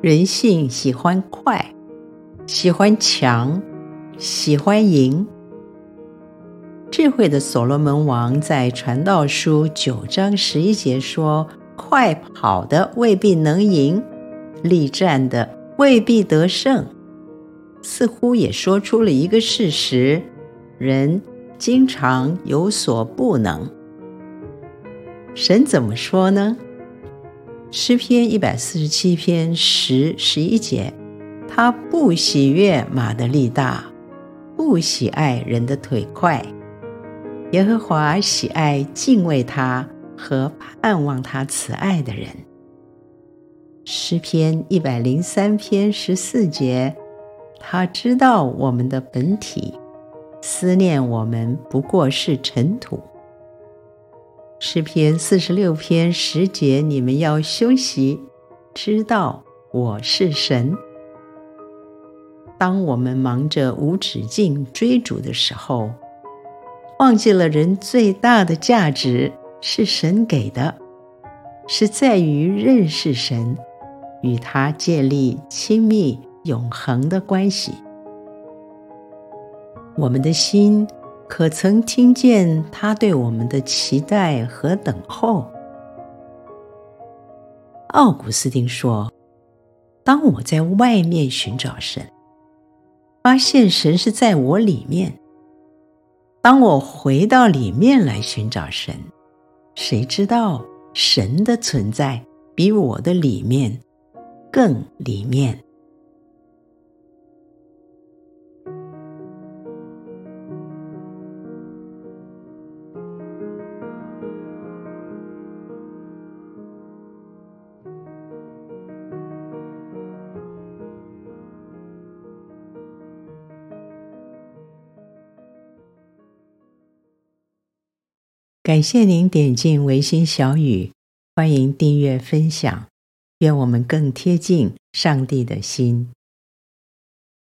人性喜歡快，喜歡強，喜歡贏。智慧的所羅門王在《傳道書》九章十一節說：“快跑的未必能贏，力戰的未必得勝。”似乎也說出了一個事實：人經常有所不能。神怎麼說呢？詩篇一百四十七篇十十一節，他不喜悅馬的力大，不喜愛人的腿快。耶和華喜愛敬畏他和盼望他慈愛的人。詩篇一百零三篇十四節，他知道我們的本體，思念我們不過是塵土。詩篇四十六篇十節，你們要休息，知道我是神。當我們忙着無止境追逐的時候，忘記了人最大的價值是神給的，是在於認識神，與他建立親密永恆的關係。我們的心，可曾聽見他對我們的期待和等候？奧古斯丁說：“當我在外面尋找神，發現神是在我裡面；當我回到裡面來尋找神，誰知道神的存在比我的裡面更裡面。”感謝您點進維新小語，歡迎訂閱分享，願我們更貼近上帝的心。